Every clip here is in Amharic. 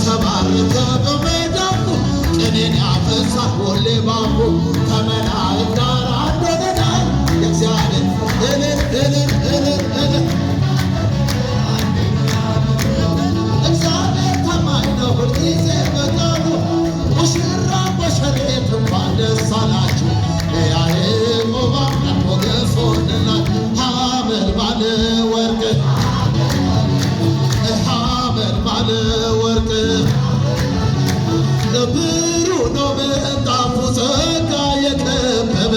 የተባረከ በመዳፉ ቅኔን ያፈሳ ሁሌ ባፉ ከመላእክት ጋር አንድ የእግዚአብሔር እልል እልል እልል ነው ምንጣፉ ጸጋ የከበበ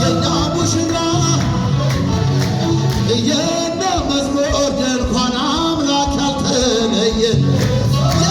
የእኛ ሙሽራ ያልተለየ የእኛ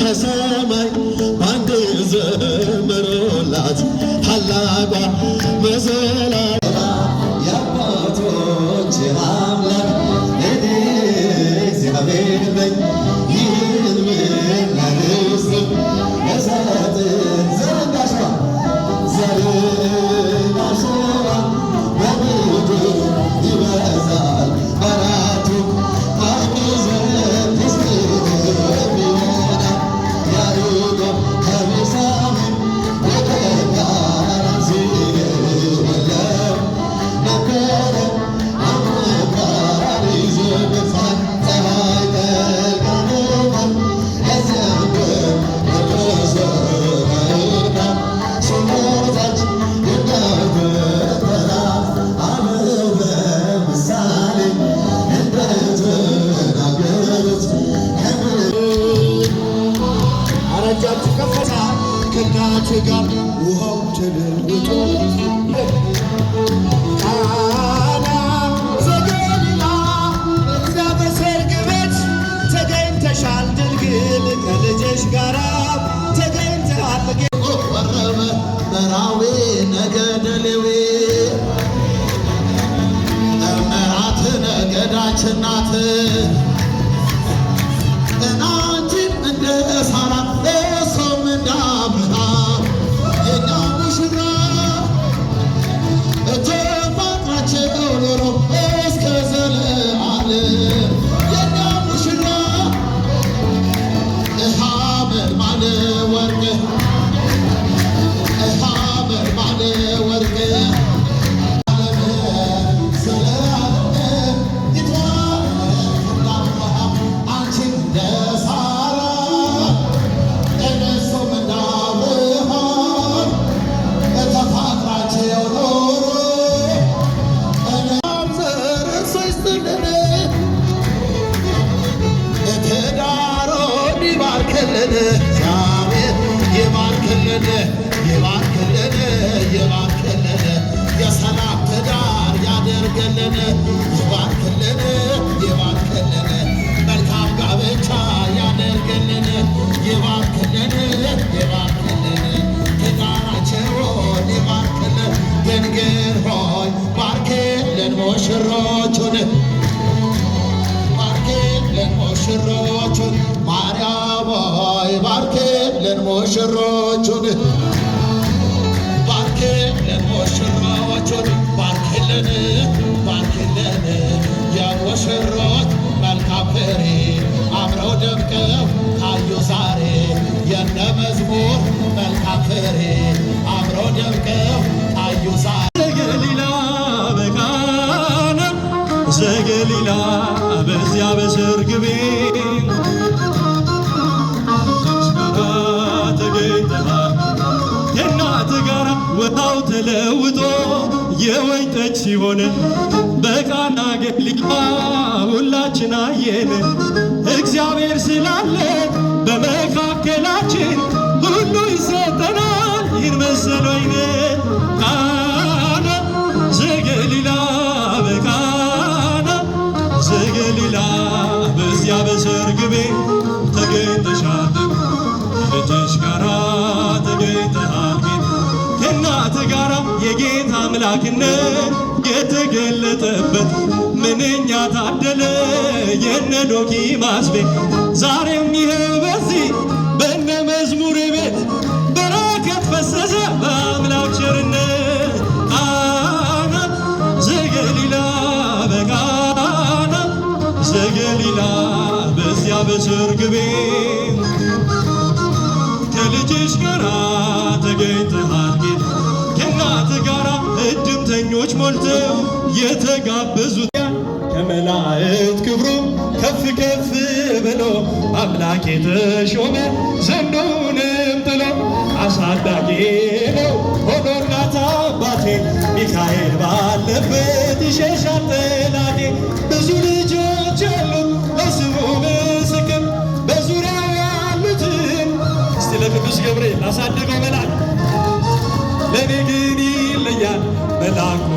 ከሰማይ አንድ ዘመሮላት ሀላባ መዘላ የአባቶች to. እግዚአብሔር የባርክልን የባርክልን የባርክልን የሰላም ትዳር ያደርግልን የባርክልን ለሙሽሮቹን ባርኬ ለሙሽሮቹን ባርኬልን ባርኬልን የሙሽሮች መልካም ፍሬ አምረው ደምቀው ታዩ ዛሬ የነ መዝሙር መልካም ፍሬ አምረው ደምቀው ታዩ ዛሬ ገሊላ በቃና ዘገሊላ በዚያ በሰርግ ቤት ውሃው ተለውጦ የወይን ጠጅ ሲሆን በቃና ገሊላ ሁላችን አየን። እግዚአብሔር ስላለ በመካከላችን ሁሉ ይሰጠናል። ይህን መሰሉ አይነት የጌታ አምላክነት የተገለጠበት ምንኛ ታደለ የነ ዶኪማስ ቤት ዛሬም ይህ በዚህ በነ መዝሙር ቤት በረከት ፈሰሰ በአምላክ ቸርነት ቃና ዘገሊላ በቃና ዘገሊላ በዚያ በሰርግ ቤት ከልጅሽ ጋር ተገኝተሃል ሰዎች ሞልተው የተጋበዙት ከመላእክት ክብሩ ከፍ ከፍ ብሎ አምላክ የተሾመ ዘንዶውንም ጥሎ አሳዳጊ ነው ሆኖ እርዳታ አባቴ ሚካኤል ባለበት ይሸሻል ጠላቴ። ብዙ ልጆች አሉ ለስሙ ምስክር በዙሪያ ያሉትን እስቲ ለቅዱስ ገብርኤል አሳደገው መላክ ለኔ ግን ይለያል መላኩ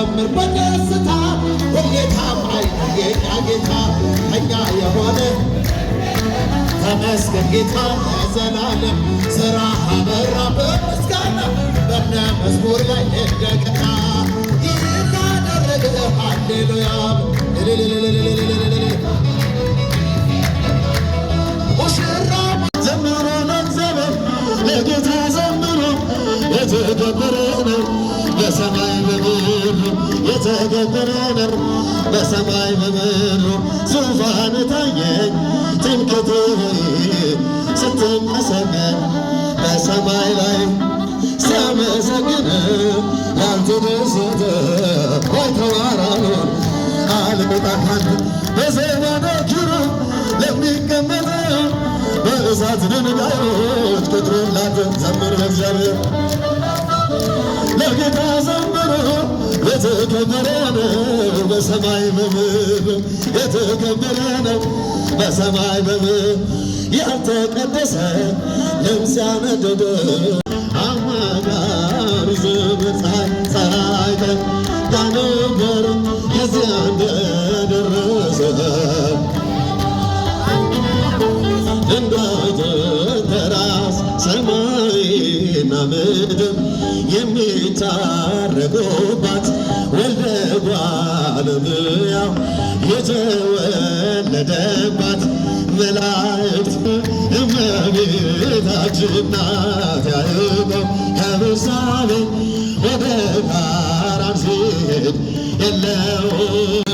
ስዘምር በደስታ ሁሌ ታማኝ ጌታ ጌታ የሆነ ተመስገን ጌታ ዘላለም ስራ አበራ በምስጋና በነ መዝሙር ላይ እንደገና ይህ ያደረገ ሃሌሉያ ተገብሮ ነር በሰማይ በምድሩ ዙፋን ታየኝ ስትመሰገን በሰማይ ላይ ሲያመሰግን ላንተ ደስታ ወይ ተዋራሉ ለሚቀመጥ በእሳት ድንጋዮች ዘምር ለጌታ ዘምር የተከበረ ነው በሰማይ በምድር የተከበረ ነው በሰማይ በምድር ያልተቀደሰ ለምጽ ያነደደ አማጋር ዘመፀሐይ ፀሐይ ዳነበር የዚያ እንደደረሰ እንዳይተራስ ሰማይና ምድር የሚታረቁባት ወልደ ባለሙያው የተወለደባት መላእክት እመቤታችን እናት ያዕቆብ ከቤርሳቤህ ወደ ካራን ሲሄድ የለውም